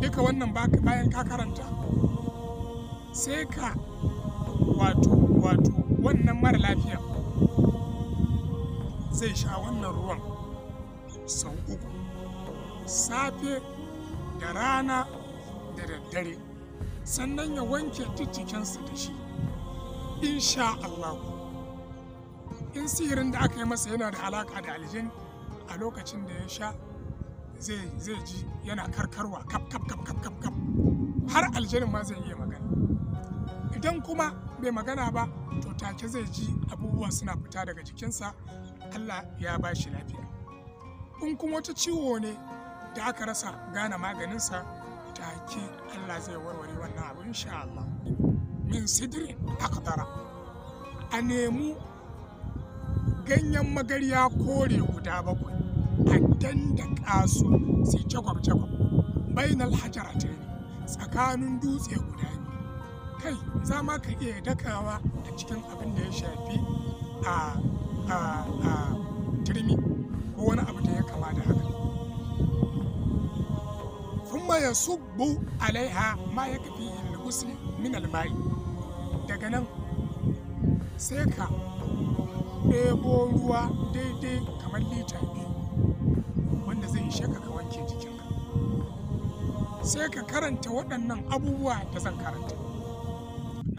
duka wannan bayan ka karanta sai ka wato wato wannan mara lafiya zai sha wannan ruwan sau uku safe da rana da daddare sannan ya wanke jikinsa da shi insha Allah in sihirin da aka yi masa yana da alaka da aljin a lokacin da ya sha zai ji yana karkarwa kap kap kap kap kap kap har aljanin ma zai iya magana idan kuma bai magana ba to take zai ji abubuwa suna fita daga jikinsa allah ya ba shi lafiya in kuma wata ciwo ne da aka rasa gane maganin sa take allah zai warware wannan abu insha allah min sidirin akdara a nemi ganyen magarya kore guda bakwai a dandaka su su jagwab-jagwab bainal hajarata tsakanin dutse guda biyu kai za ma ka iya dakawa a cikin abin da ya shafi a turmi ko wani abu da ya kama da haka kuma ya subbu alaiha ma ya kafi ilgusi min almai daga nan sai ka ɗebo ruwa daidai kamar lita biyu shaka wanke jikinka sai ka karanta waɗannan abubuwa da zan karanta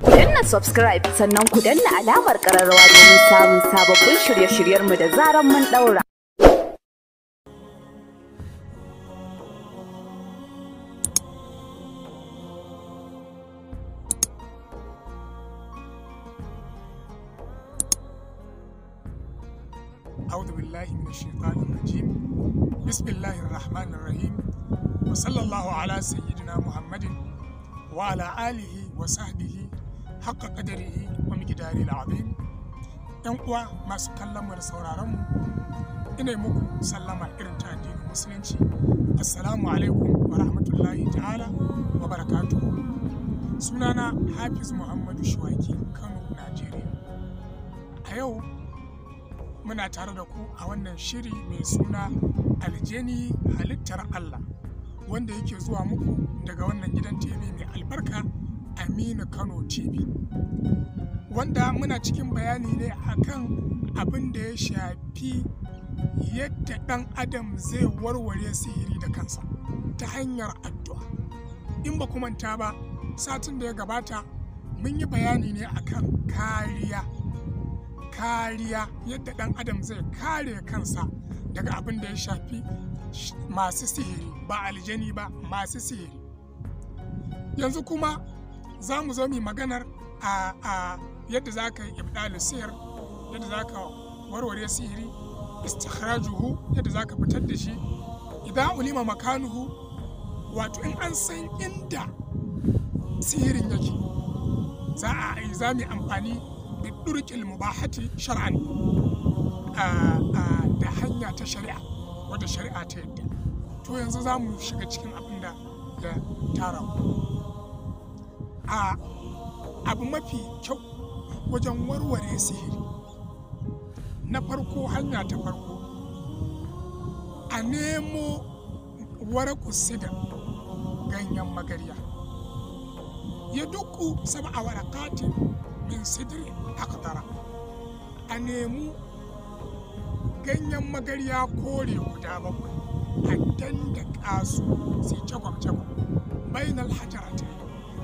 ku danna subscribe sannan ku danna alamar ƙararrawa domin samun sababbin shirye-shiryenmu da zaran mun ɗaura أعوذ بالله من الشيطان الرجيم بسم الله الرحمن الرحيم وصلى الله على سيدنا محمد وعلى آله وصحبه حق قدره ومقداره العظيم ‘Yan uwa masu kallon mu da sauraron mu, ina muku sallama irin ta addinin Musulunci, Assalamu alaikum wa rahmatullahi ta'ala wa barakatu Sunana Hafiz Muhammadu Shuwaki, Kano, Najeriya. A yau muna tare da ku a wannan shiri mai suna aljeni halittar Allah wanda yake zuwa muku daga wannan gidan TV mai albarka Aminu Kano TV wanda muna cikin bayani ne akan abin da ya shafi yadda ɗan adam zai warware sihiri da kansa ta hanyar addu'a in ba kuma ta ba satin da ya gabata mun yi bayani ne akan kariya kariya yadda ɗan adam zai kare kansa daga abin da ya shafi masu sihiri ba aljani ba masu sihiri yanzu kuma za mu zo mu maganar a yadda za ka yi ibdalu sihir yadda za ka warware sihiri istikharajuhu yadda za ka fitar da shi idan ulima makanuhu wato in an san inda sihirin yake za a yi za amfani بالطرق mubahati شرعا da hanya ta shari'a wadda shari'a ta yadda to yanzu za mu shiga cikin abin da ya tara a abu mafi kyau wajen warware sihiri na farko hanya ta farko a nemo waraku sida ganyen magarya ya duku saba a warakatin min sidri aktara a nemi ganyen magarya kore guda bakwai a da kasu sai cakwam cakwam bainal hajarata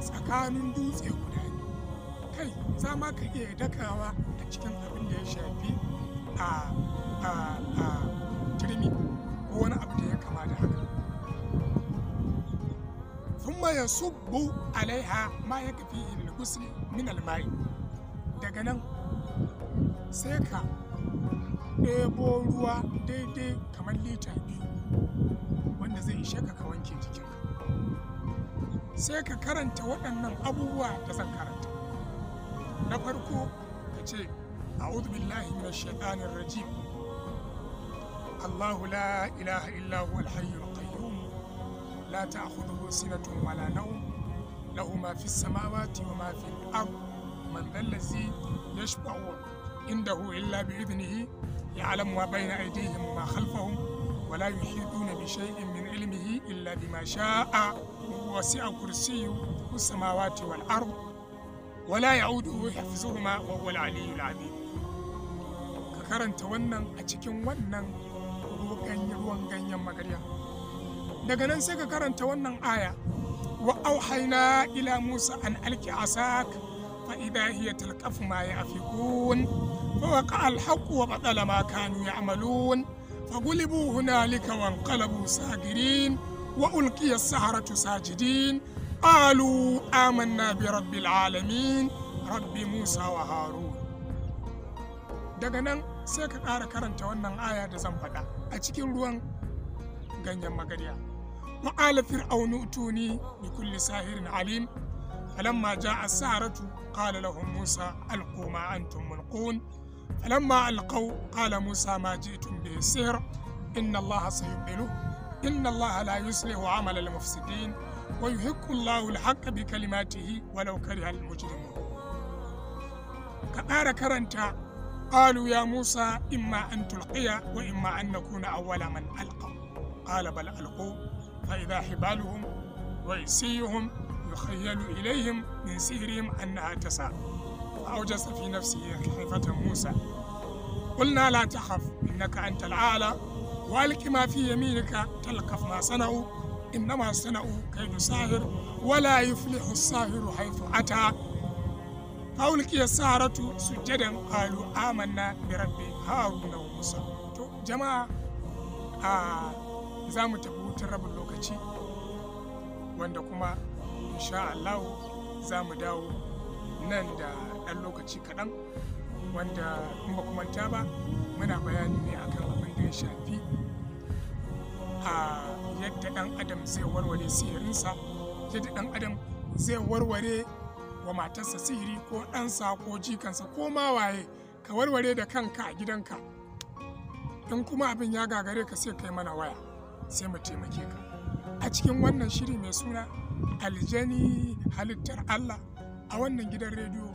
tsakanin dutse guda kai za ma ka iya dakawa a cikin abin da ya shafi a turmi ko wani abu da ya kama da haka ثم يصب عليها ما يكفيه من الماء daga nan sai ka ɗebo ruwa daidai kamar lita biyu wanda zai ishe ka ka wanke jikinka sai ka karanta waɗannan abubuwa ta zan karanta na farko ka ce a'udhu billahi minash shaitanir rajim Allahu la ilaha illahu huwa qayyum la ta'khudhuhu sinatun wala nawm lahu ma fis samawati wa ma من ذا الذي يشفع عنده إلا بإذنه يعلم ما بين أيديهم وما خلفهم ولا يحيطون بشيء من علمه إلا بما شاء وسع كرسيه السماوات والأرض ولا يعوده حفظهما وهو العلي العظيم karanta wannan a cikin wannan ruwan ganyen magarya daga nan sai ka karanta wannan aya wa auhaina ila musa an alki asak فإذا هي تلقف ما يأفكون فوقع الحق وبطل ما كانوا يعملون فغلبوا هنالك وانقلبوا ساجرين وألقي السهرة ساجدين قالوا آمنا برب العالمين رب موسى وهارون daga nan sai ka ƙara karanta wannan aya da zan faɗa a cikin ruwan ganyen magariya wa fir'aunu utuni bi kulli sahirin alim فلما جاء السحرة قال لهم موسى ألقوا ما أنتم ملقون فلما ألقوا قال موسى ما جئتم به السحر إن الله سيبدله إن الله لا يصلح عمل المفسدين ويحق الله الحق بكلماته ولو كره المجرمون كبار كرنتا قالوا يا موسى إما أن تلقي وإما أن نكون أول من ألقى قال بل ألقوا فإذا حبالهم ويسيهم يتخيل إليهم من سحرهم أنها تسعى فأوجس في نفسه خيفة موسى قلنا لا تخف إنك أنت الأعلى وألق ما في يمينك تلقف ما صنعوا إنما صنعوا كيد ساهر ولا يفلح الساهر حيث أتى فألقي السحرة سجدا قالوا آمنا برب هارون وموسى جماعة آه za mu tafi hutun rabin lokaci wanda kuma insha Allah za mu dawo nan da ɗan lokaci kaɗan wanda in ba kumanta ba muna bayani ne akan abin da ya shafi a yadda ɗan adam zai warware sihirinsa yadda ɗan adam zai warware wa matarsa sihiri ko ɗansa ko jikansa ko ma waye ka warware da kanka a gidanka in kuma abin ya gagare ka sai kai mana waya sai mu taimake ka a cikin wannan shiri mai suna aljani halittar Allah a wannan gidan rediyo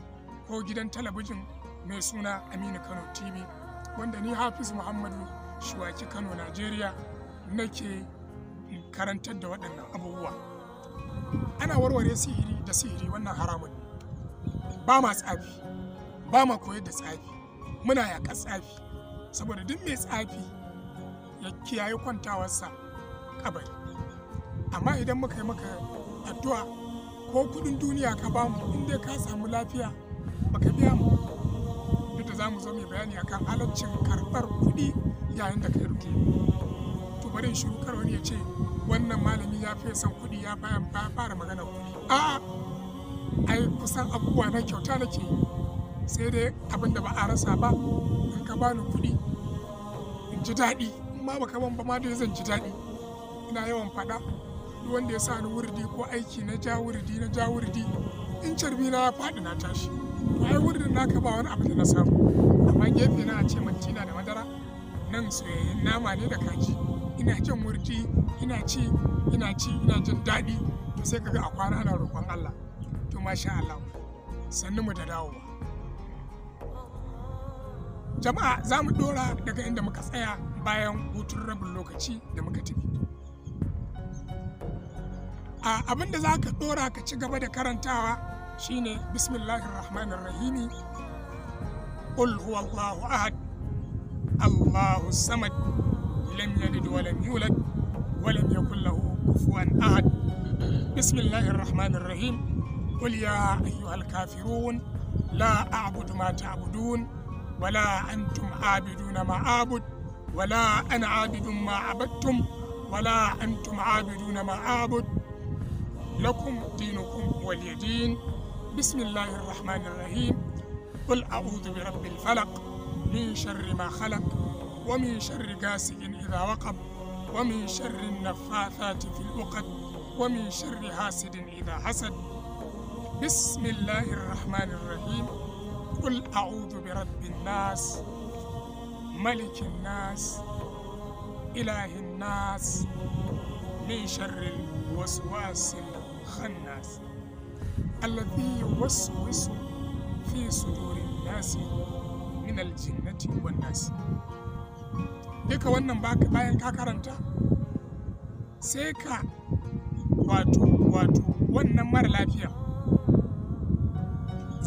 ko gidan talabijin mai suna Aminu Kano TV wanda ni Hafiz Muhammadu Shuwaki Kano Najeriya nake karantar da waɗannan abubuwa. Ana warware sihiri da sihiri wannan haramun ba ma tsafi ba ma koyar da tsafi muna yaƙar tsafi saboda duk mai tsafi ya kiyaye kwantawarsa kabari. amma idan muka yi maka addu'a ko kudin duniya ka ba mu in ka samu lafiya baka biya mu yadda za mu zo mai bayani akan halaccin karɓar kuɗi yayin da yi ruke to bari in shiru karo ya ce wannan malami ya fi son kuɗi ya fara magana kuɗi a'a ai kusan abubuwa na kyauta nake yi sai dai abin da ba a rasa ba in ka bani kuɗi in ji daɗi in ma baka ban ba ma dai zan ji daɗi ina yawan faɗa duk wanda ya sa ni wurdi ko aiki na ja wurdi na ja wurdi in carbi na ya faɗi na tashi to ai wurdin naka ba wani abu da na samu amma gefe na a ce mantina da madara nan soyayyen nama ne da kaji ina jin wurdi ina ci ina ci ina jin daɗi to sai kaga a kwana ana roƙon Allah to masha Allah sannu mu da dawowa jama'a za mu ɗora daga inda muka tsaya bayan hutun rabin lokaci da muka tafi abin da za ka ɗora ka ci gaba da karantawa shine bismillahir rahmanir rahimi qul huwallahu ahad allahu samad lam yalid wa lam yulad wa lam yakul lahu kufuwan ahad bismillahir rahmanir rahim qul ya ayyuhal kafirun la a'budu ma ta'budun wala antum abiduna ma a'bud wala ana abidun ma abattum wala antum abiduna ma a'bud لكم دينكم ولي دين بسم الله الرحمن الرحيم قل أعوذ برب الفلق من شر ما خلق ومن شر قاسق إذا وقب ومن شر النفاثات في الأقد ومن شر حاسد إذا حسد بسم الله الرحمن الرحيم قل أعوذ برب الناس ملك الناس إله الناس من شر الوسواس الخناس الذي يوسوس في صدور الناس min aljinnati wan nas duka wannan bayan ka karanta sai ka wato wato wannan mara lafiya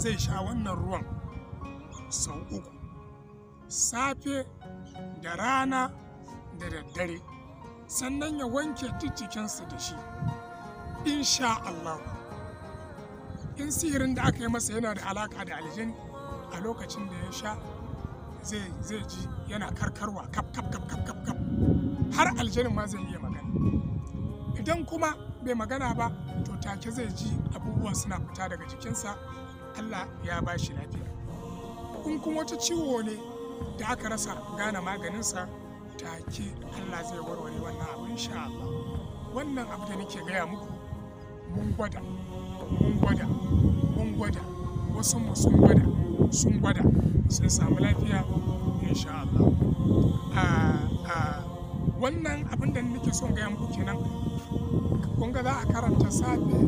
zai sha wannan ruwan sau uku safe da rana da daddare sannan ya wanke duk da shi insha Allah in sihirin da aka yi masa yana da alaka da aljin a lokacin da ya sha zai ji yana karkarwa kap kap kap kap kap kap har aljanin ma zai iya magana idan kuma bai magana ba to take zai ji abubuwan suna fita daga jikinsa Allah ya ba shi lafiya in kuma wata ciwo ne da aka rasa gane maganinsa take Allah zai warware wannan abin sha Allah wannan abu da nake gaya muku mun gwada mun gwada mun gwada wasu mu sun gwada sun gwada sun samu lafiya insha Allah wannan abin da nake son gaya muku kenan kun ga za a karanta safe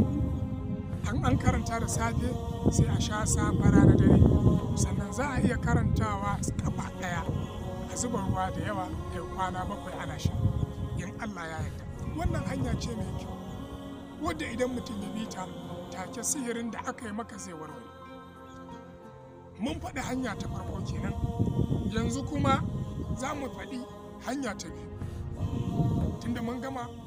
an an karanta da safe sai a sha safara na dare sannan za a iya karantawa kafa daya a zuba ruwa da yawa ya kwana bakwai ana sha in Allah ya yarda wannan hanya ce mai kyau wadda idan mutum ya bi ta take sihirin da aka yi maka zai warware mun faɗi hanya ta farko kenan yanzu kuma za mu faɗi hanya ta biyu tunda mun gama